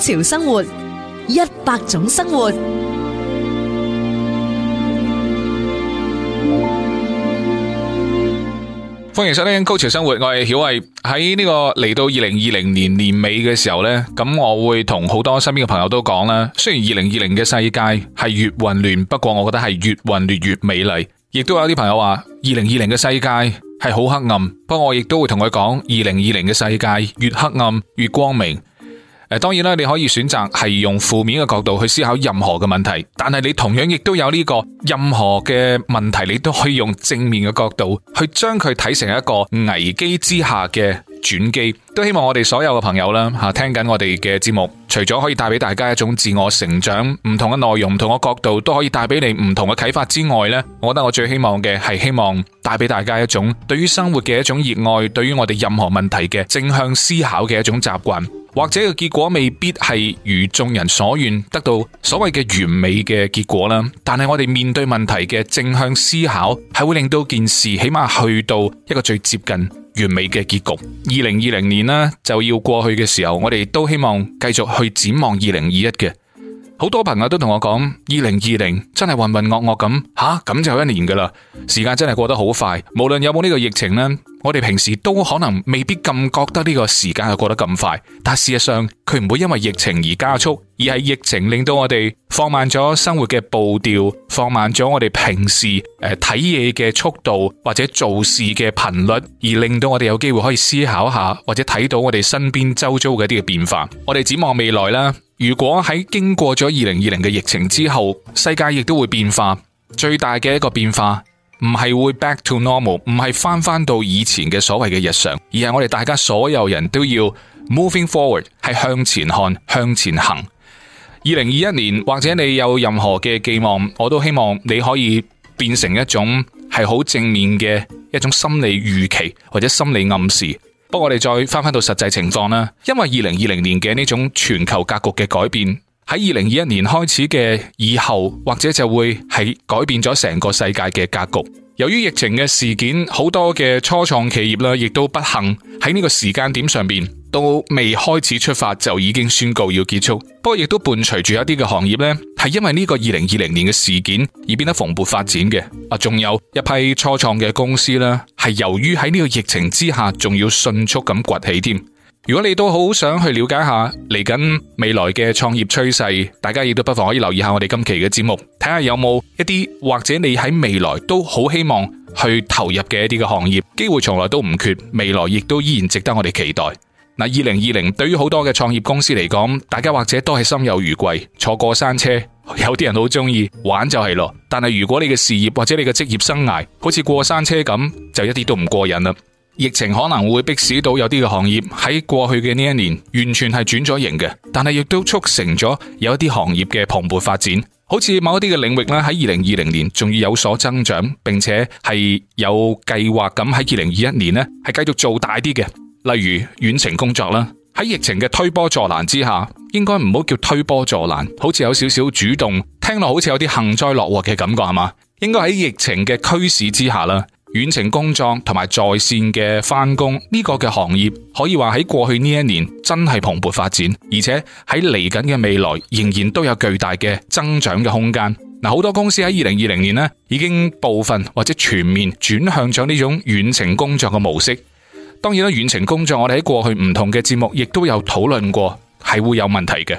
高潮生活，一百種生活。歡迎收聽《高潮生活》，我係曉慧。喺呢個嚟到二零二零年年尾嘅時候呢，咁我會同好多身邊嘅朋友都講啦。雖然二零二零嘅世界係越混亂，不過我覺得係越混亂越美麗。亦都有啲朋友話，二零二零嘅世界係好黑暗，不過我亦都會同佢講，二零二零嘅世界越黑暗越光明。誒，當然啦，你可以選擇係用負面嘅角度去思考任何嘅問題，但係你同樣亦都有呢個，任何嘅問題你都可以用正面嘅角度去將佢睇成一個危機之下嘅轉機。都希望我哋所有嘅朋友啦，吓聽緊我哋嘅節目，除咗可以帶俾大家一種自我成長，唔同嘅內容、唔同嘅角度都可以帶俾你唔同嘅啟發之外呢，我覺得我最希望嘅係希望帶俾大家一種對於生活嘅一種熱愛，對於我哋任何問題嘅正向思考嘅一種習慣。或者個結果未必係如眾人所願，得到所謂嘅完美嘅結果啦。但係我哋面對問題嘅正向思考，係會令到件事起碼去到一個最接近完美嘅結局。二零二零年呢就要過去嘅時候，我哋都希望繼續去展望二零二一嘅。好多朋友都同我講，二零二零真係渾渾噩噩咁，吓、啊、咁就一年噶啦，時間真係過得好快。無論有冇呢個疫情呢，我哋平時都可能未必咁覺得呢個時間係過得咁快，但事實上佢唔會因為疫情而加速，而係疫情令到我哋放慢咗生活嘅步調，放慢咗我哋平時誒睇嘢嘅速度或者做事嘅頻率，而令到我哋有機會可以思考下或者睇到我哋身邊周遭嘅一啲嘅變化。我哋展望未來啦，如果喺經過咗二零二零嘅疫情之後，世界亦都會變化，最大嘅一個變化。唔係會 back to normal，唔係翻翻到以前嘅所謂嘅日常，而係我哋大家所有人都要 moving forward，係向前看向前行。二零二一年或者你有任何嘅寄望，我都希望你可以變成一種係好正面嘅一種心理預期或者心理暗示。不過我哋再翻翻到實際情況啦，因為二零二零年嘅呢種全球格局嘅改變。喺二零二一年開始嘅以後，或者就會係改變咗成個世界嘅格局。由於疫情嘅事件，好多嘅初創企業呢亦都不幸喺呢個時間點上面，都未開始出發就已經宣告要結束。不過，亦都伴隨住一啲嘅行業呢，係因為呢個二零二零年嘅事件而變得蓬勃發展嘅。啊，仲有一批初創嘅公司呢，係由於喺呢個疫情之下，仲要迅速咁崛起添。如果你都好想去了解下嚟緊未來嘅創業趨勢，大家亦都不妨可以留意下我哋今期嘅節目，睇下有冇一啲或者你喺未來都好希望去投入嘅一啲嘅行業。機會從來都唔缺，未來亦都依然值得我哋期待。嗱，二零二零對於好多嘅創業公司嚟講，大家或者都係心有餘悸，坐過山車，有啲人好中意玩就係咯，但係如果你嘅事業或者你嘅職業生涯好似過山車咁，就一啲都唔過癮啦。疫情可能會迫使到有啲嘅行業喺過去嘅呢一年完全係轉咗型嘅，但係亦都促成咗有一啲行業嘅蓬勃發展。好似某一啲嘅領域咧，喺二零二零年仲要有所增長，並且係有計劃咁喺二零二一年咧係繼續做大啲嘅，例如遠程工作啦。喺疫情嘅推波助瀾之下，應該唔好叫推波助瀾，好似有少少主動，聽落好似有啲幸災樂禍嘅感覺係嘛？應該喺疫情嘅驅使之下啦。遠程工作同埋在線嘅翻工呢個嘅行業，可以話喺過去呢一年真係蓬勃發展，而且喺嚟緊嘅未來，未來仍然都有巨大嘅增長嘅空間。嗱，好多公司喺二零二零年咧已經部分或者全面轉向咗呢種遠程工作嘅模式。當然啦，遠程工作我哋喺過去唔同嘅節目亦都有討論過，係會有問題嘅。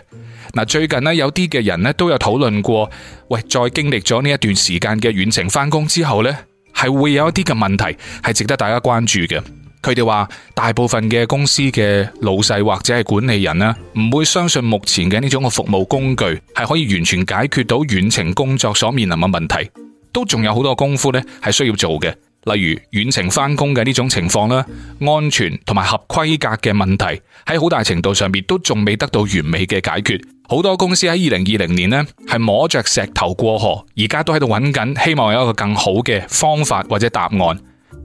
嗱，最近咧有啲嘅人咧都有討論過，喂，再經歷咗呢一段時間嘅遠程翻工之後咧。係會有一啲嘅問題係值得大家關注嘅。佢哋話，大部分嘅公司嘅老細或者係管理人呢，唔會相信目前嘅呢種嘅服務工具係可以完全解決到遠程工作所面臨嘅問題，都仲有好多功夫咧係需要做嘅。例如遠程返工嘅呢種情況啦，安全同埋合規格嘅問題，喺好大程度上面都仲未得到完美嘅解決。好多公司喺二零二零年呢，係摸着石頭過河，而家都喺度揾緊，希望有一個更好嘅方法或者答案。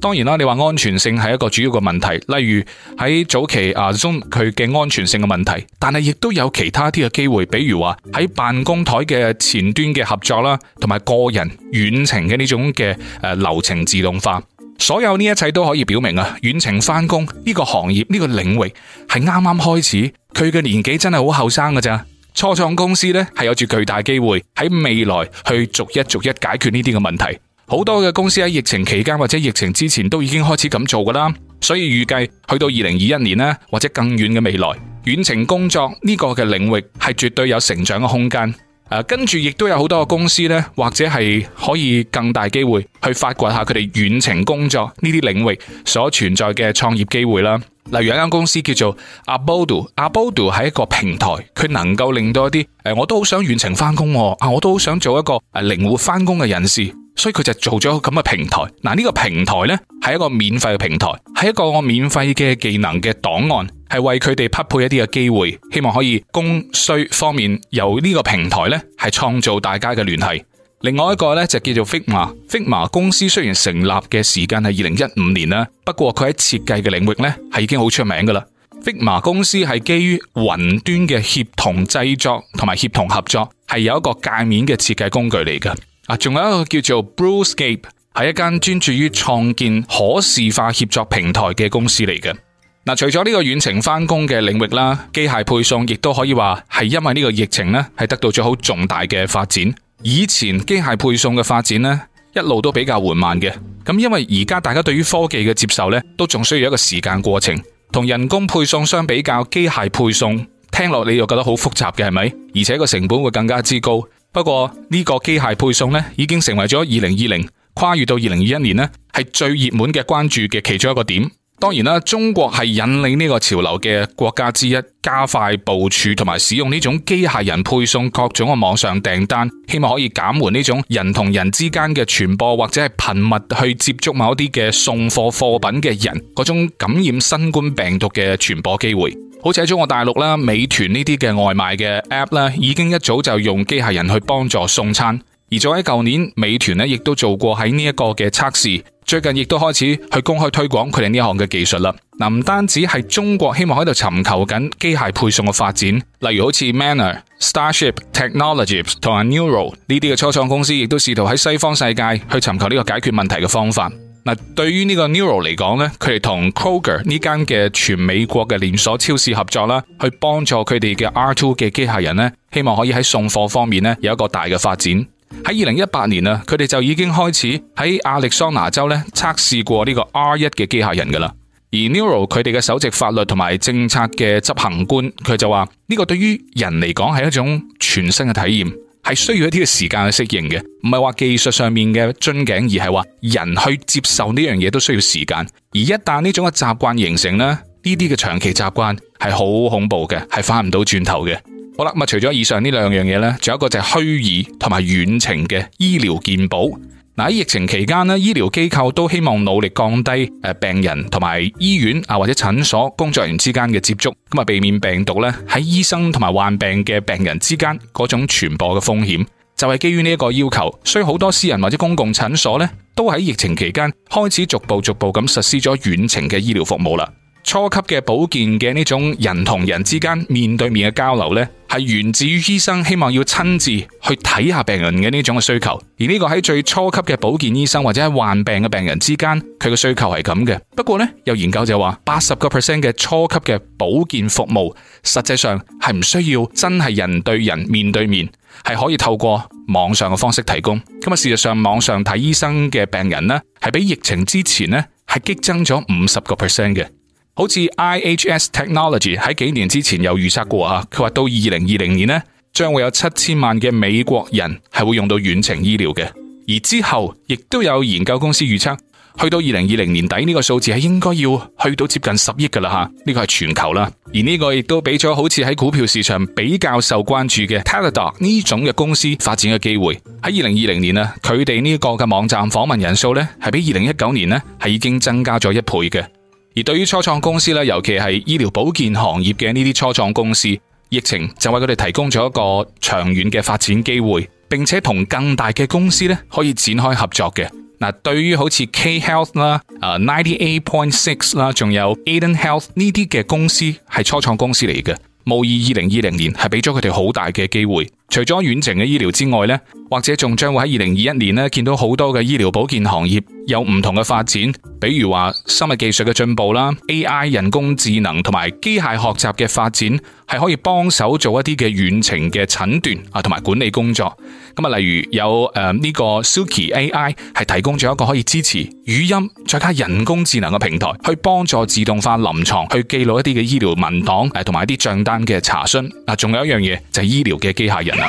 當然啦，你話安全性係一個主要嘅問題，例如喺早期啊 Zoom 佢嘅安全性嘅問題，但係亦都有其他啲嘅機會，比如話喺辦公台嘅前端嘅合作啦，同埋個人遠程嘅呢種嘅誒流程自動化，所有呢一切都可以表明啊，遠程翻工呢個行業呢個領域係啱啱開始，佢嘅年紀真係好後生嘅咋。初創公司呢係有住巨大機會喺未來去逐一逐一解決呢啲嘅問題，好多嘅公司喺疫情期間或者疫情之前都已經開始咁做㗎啦，所以預計去到二零二一年呢，或者更遠嘅未來，遠程工作呢個嘅領域係絕對有成長嘅空間。誒，跟住，亦都有好多嘅公司咧，或者係可以更大機會去發掘下佢哋遠程工作呢啲領域所存在嘅創業機會啦。例如有一間公司叫做 Abodoo，Abodoo 係一個平台，佢能夠令到一啲誒，我都好想遠程返工，啊，我都好想做一個誒靈活返工嘅人士。所以佢就做咗個咁嘅平台，嗱、這、呢個平台呢係一個免費嘅平台，係一個免費嘅技能嘅檔案，係為佢哋匹配一啲嘅機會，希望可以供需方面由呢個平台呢係創造大家嘅聯繫。另外一個呢就叫做 Figma。Figma 公司雖然成立嘅時間係二零一五年啦，不過佢喺設計嘅領域呢係已經好出名㗎喇。Figma 公司係基於雲端嘅協同製作同埋協同合作，係有一個界面嘅設計工具嚟㗎。啊，仲有一個叫做 b r u c e g a p e 係一間專注於創建可視化協作平台嘅公司嚟嘅。嗱，除咗呢個遠程翻工嘅領域啦，機械配送亦都可以話係因為呢個疫情咧，係得到咗好重大嘅發展。以前機械配送嘅發展咧，一路都比較緩慢嘅。咁因為而家大家對於科技嘅接受咧，都仲需要一個時間過程。同人工配送相比較，機械配送聽落你又覺得好複雜嘅係咪？而且個成本會更加之高。不過呢個機械配送呢，已經成為咗二零二零跨越到二零二一年呢，係最熱門嘅關注嘅其中一個點。當然啦，中國係引領呢個潮流嘅國家之一，加快部署同埋使用呢種機械人配送各種嘅網上訂單，希望可以減緩呢種人同人之間嘅傳播或者係頻密去接觸某一啲嘅送貨貨品嘅人嗰種感染新冠病毒嘅傳播機會。好似喺中國大陸啦，美團呢啲嘅外賣嘅 App 咧，已經一早就用機械人去幫助送餐。而早喺舊年，美團咧亦都做過喺呢一個嘅測試。最近亦都開始去公開推廣佢哋呢項嘅技術啦。嗱，唔單止係中國希望喺度尋求緊機械配送嘅發展，例如好似 Manner、Starship Technologies 同埋 Nuro 呢啲嘅初創公司，亦都試圖喺西方世界去尋求呢個解決問題嘅方法。嗱，對於呢個 n e u r o 嚟講咧，佢哋同 Kroger 呢間嘅全美國嘅連鎖超市合作啦，去幫助佢哋嘅 R2 嘅機械人咧，希望可以喺送貨方面咧有一個大嘅發展。喺二零一八年啊，佢哋就已經開始喺亞利桑拿州咧測試過呢個 R 一嘅機械人噶啦。而 n e u r o 佢哋嘅首席法律同埋政策嘅執行官，佢就話呢、這個對於人嚟講係一種全新嘅體驗。係需要一啲嘅時間去適應嘅，唔係話技術上面嘅樽頸，而係話人去接受呢樣嘢都需要時間。而一旦呢種嘅習慣形成咧，呢啲嘅長期習慣係好恐怖嘅，係翻唔到轉頭嘅。好啦，咪除咗以上呢兩樣嘢咧，仲有一個就係虛擬同埋遠程嘅醫療健保。嗱，喺疫情期間呢，醫療機構都希望努力降低誒，病人同埋醫院啊，或者診所工作人員之間嘅接觸，咁啊，避免病毒咧，喺醫生同埋患病嘅病人之間嗰種傳播嘅風險。就係基於呢一個要求，所以好多私人或者公共診所咧，都喺疫情期間開始逐步逐步咁實施咗遠程嘅醫療服務啦。初級嘅保健嘅呢種人同人之間面對面嘅交流呢，係源自於醫生希望要親自去睇下病人嘅呢種需求。而呢個喺最初級嘅保健醫生或者係患病嘅病人之間，佢嘅需求係咁嘅。不過呢，有研究就話，八十個 percent 嘅初級嘅保健服務實際上係唔需要真係人對人面對面，係可以透過網上嘅方式提供。咁啊，事實上網上睇醫生嘅病人呢，係比疫情之前呢，係激增咗五十個 percent 嘅。的好似 IHS Technology 喺幾年之前有預測過啊，佢話到二零二零年呢，將會有七千萬嘅美國人係會用到遠程醫療嘅，而之後亦都有研究公司預測，去到二零二零年底呢個數字係應該要去到接近十億噶啦吓，呢個係全球啦，而呢個亦都俾咗好似喺股票市場比較受關注嘅 Teladoc 呢種嘅公司發展嘅機會。喺二零二零年啊，佢哋呢個嘅網站訪問人數咧係比二零一九年咧係已經增加咗一倍嘅。而對於初創公司咧，尤其係醫療保健行業嘅呢啲初創公司，疫情就為佢哋提供咗一個長遠嘅發展機會，並且同更大嘅公司咧可以展開合作嘅。嗱，對於好似 K Health 啦、啊98.6啦，仲有 Aiden Health 呢啲嘅公司係初創公司嚟嘅，無疑二零二零年係俾咗佢哋好大嘅機會。除咗遠程嘅醫療之外咧，或者仲將會喺二零二一年咧見到好多嘅醫療保健行業。有唔同嘅發展，比如話生物技術嘅進步啦，AI 人工智能同埋機械學習嘅發展係可以幫手做一啲嘅遠程嘅診斷啊，同埋管理工作。咁啊，例如有誒呢個 Suki AI 係提供咗一個可以支持語音再加人工智能嘅平台，去幫助自動化臨床去記錄一啲嘅醫療文檔誒，同埋一啲賬單嘅查詢。啊，仲有一樣嘢就係、是、醫療嘅機械人啦。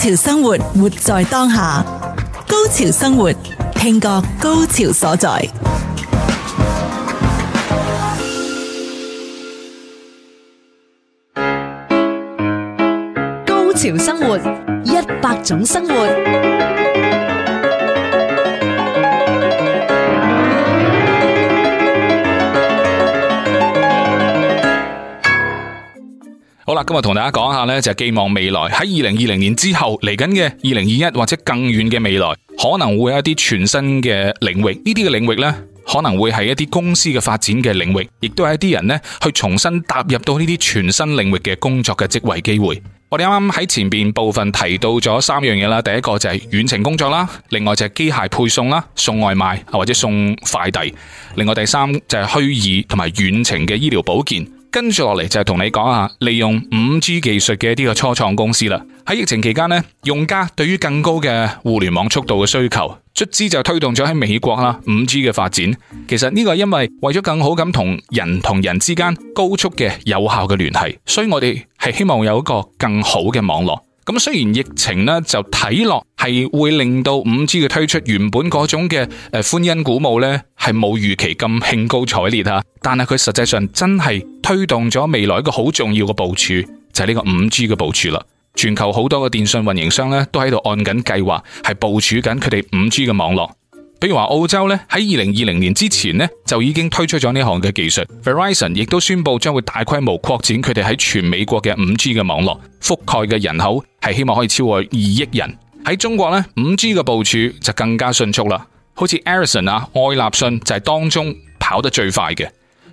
高潮生活，活在當下。高潮生活，聽覺高潮所在。高潮生活，一百種生活。好啦，今日同大家講下咧，就係寄望未來喺二零二零年之後嚟緊嘅二零二一或者更遠嘅未來，可能會有一啲全新嘅領域。呢啲嘅領域呢，可能會係一啲公司嘅發展嘅領域，亦都係一啲人呢去重新踏入到呢啲全新領域嘅工作嘅職位機會。我哋啱啱喺前邊部分提到咗三樣嘢啦，第一個就係遠程工作啦，另外就係機械配送啦，送外賣或者送快遞，另外第三就係虛擬同埋遠程嘅醫療保健。跟住落嚟就係同你講下利用五 G 技術嘅呢個初創公司啦。喺疫情期間呢，用家對於更高嘅互聯網速度嘅需求，卒之就推動咗喺美國啦五 G 嘅發展。其實呢個係因為為咗更好咁同人同人之間高速嘅有效嘅聯繫，所以我哋係希望有一個更好嘅網絡。咁雖然疫情呢就睇落係會令到五 G 嘅推出原本嗰種嘅誒歡欣鼓舞咧係冇預期咁興高采烈啊，但係佢實際上真係。推動咗未來一個好重要嘅部署，就係、是、呢個五 G 嘅部署啦。全球好多嘅電信運營商咧，都喺度按緊計劃，係部署緊佢哋五 G 嘅網絡。比如話澳洲咧，喺二零二零年之前咧就已經推出咗呢項嘅技術。Verizon 亦都宣布將會大規模擴展佢哋喺全美國嘅五 G 嘅網絡覆蓋嘅人口，係希望可以超過二億人。喺中國咧，五 G 嘅部署就更加迅速啦。好似 Ericsson 啊，愛立信就係當中跑得最快嘅。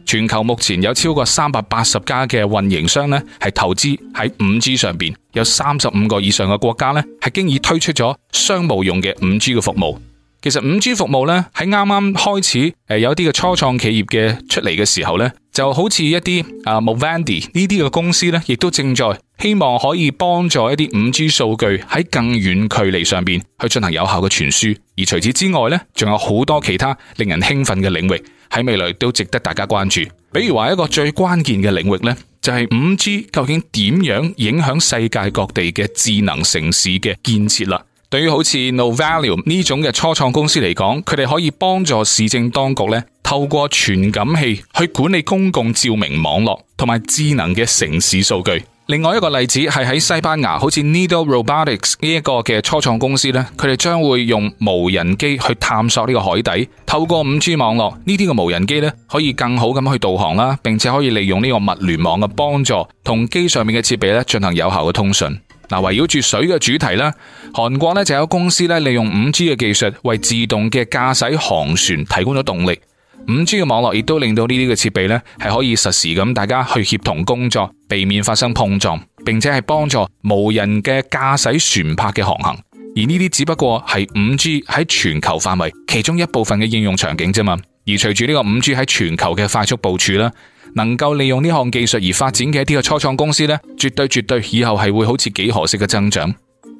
全球目前有超過三百八十家嘅運營商咧，係投資喺五 G 上邊。有三十五個以上嘅國家咧，係經已推出咗商務用嘅五 G 嘅服務。其實五 G 服務咧，喺啱啱開始誒有啲嘅初創企業嘅出嚟嘅時候咧，就好似一啲啊 Movandi 呢啲嘅公司咧，亦都正在希望可以幫助一啲五 G 數據喺更遠距離上邊去進行有效嘅傳輸。而除此之外咧，仲有好多其他令人興奮嘅領域。喺未來都值得大家關注，比如話一個最關鍵嘅領域呢，就係五 G 究竟點樣影響世界各地嘅智能城市嘅建設啦。對於好似 Novalium 呢種嘅初創公司嚟講，佢哋可以幫助市政當局呢，透過傳感器去管理公共照明網絡同埋智能嘅城市數據。另外一個例子係喺西班牙，好似 Nido Robotics 呢一個嘅初創公司呢，佢哋將會用無人機去探索呢個海底，透過五 G 網絡，呢啲嘅無人機呢，可以更好咁去導航啦，並且可以利用呢個物聯網嘅幫助，同機上面嘅設備咧進行有效嘅通訊。嗱，圍繞住水嘅主題啦，韓國呢就有公司呢，利用五 G 嘅技術為自動嘅駕駛航船提供咗動力。五 G 嘅網絡亦都令到呢啲嘅設備咧係可以實時咁大家去協同工作，避免發生碰撞，並且係幫助無人嘅駕駛船舶嘅航行。而呢啲只不過係五 G 喺全球範圍其中一部分嘅應用場景啫嘛。而隨住呢個五 G 喺全球嘅快速部署啦，能夠利用呢項技術而發展嘅一啲嘅初創公司咧，絕對絕對以後係會好似幾何式嘅增長。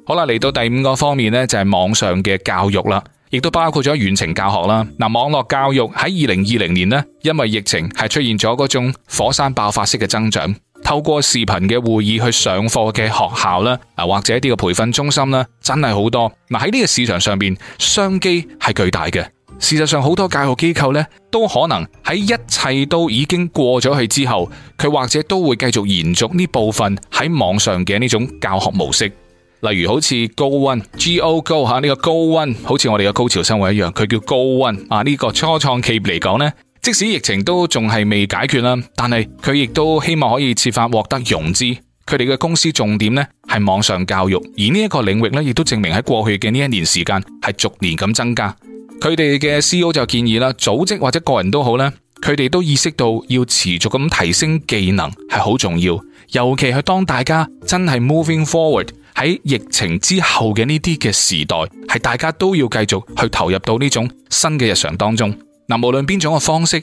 好啦，嚟到第五個方面咧，就係、是、網上嘅教育啦。亦都包括咗遠程教學啦，嗱網絡教育喺二零二零年呢，因為疫情係出現咗嗰種火山爆發式嘅增長，透過視頻嘅會議去上課嘅學校啦，啊或者一啲嘅培訓中心啦，真係好多，嗱喺呢個市場上邊商機係巨大嘅，事實上好多教學機構咧都可能喺一切都已經過咗去之後，佢或者都會繼續延續呢部分喺網上嘅呢種教學模式。例如好似高温 G O Go 吓呢、啊這個高温，好似我哋嘅高潮生活一樣，佢叫高温啊！呢、這個初創企業嚟講咧，即使疫情都仲係未解決啦，但係佢亦都希望可以設法獲得融資。佢哋嘅公司重點咧係網上教育，而呢一個領域咧亦都證明喺過去嘅呢一年時間係逐年咁增加。佢哋嘅 CEO 就建議啦，組織或者個人都好啦，佢哋都意識到要持續咁提升技能係好重要，尤其係當大家真係 moving forward。喺疫情之後嘅呢啲嘅時代，係大家都要繼續去投入到呢種新嘅日常當中。嗱，無論邊種嘅方式，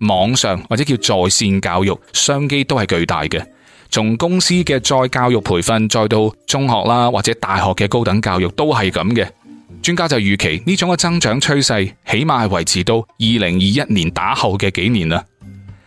網上或者叫在線教育，商機都係巨大嘅。從公司嘅再教育培訓，再到中學啦或者大學嘅高等教育，都係咁嘅。專家就預期呢種嘅增長趨勢，起碼係維持到二零二一年打後嘅幾年啦。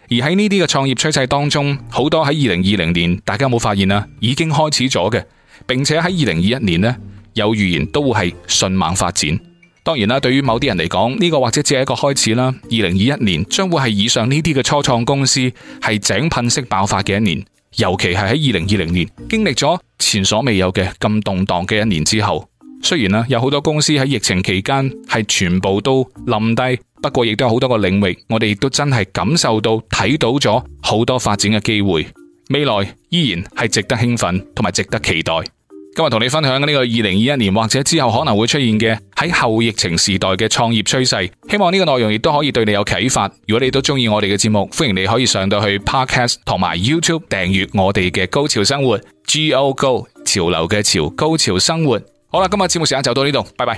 而喺呢啲嘅創業趨勢當中，好多喺二零二零年，大家有冇發現呀？已經開始咗嘅。並且喺二零二一年呢，有預言都會係迅猛發展。當然啦，對於某啲人嚟講，呢個或者只係一個開始啦。二零二一年將會係以上呢啲嘅初創公司係井噴式爆發嘅一年，尤其係喺二零二零年經歷咗前所未有嘅咁動盪嘅一年之後。雖然啦，有好多公司喺疫情期間係全部都冧低，不過亦都有好多個領域，我哋亦都真係感受到睇到咗好多發展嘅機會。未來依然係值得興奮同埋值得期待。今日同你分享嘅呢個二零二一年或者之後可能會出現嘅喺後疫情時代嘅創業趨勢，希望呢個內容亦都可以對你有啟發。如果你都中意我哋嘅節目，歡迎你可以上到去 Podcast 同埋 YouTube 訂閱我哋嘅高潮生活 Go Go 潮流嘅潮，高潮生活。好啦，今日節目時間就到呢度，拜拜。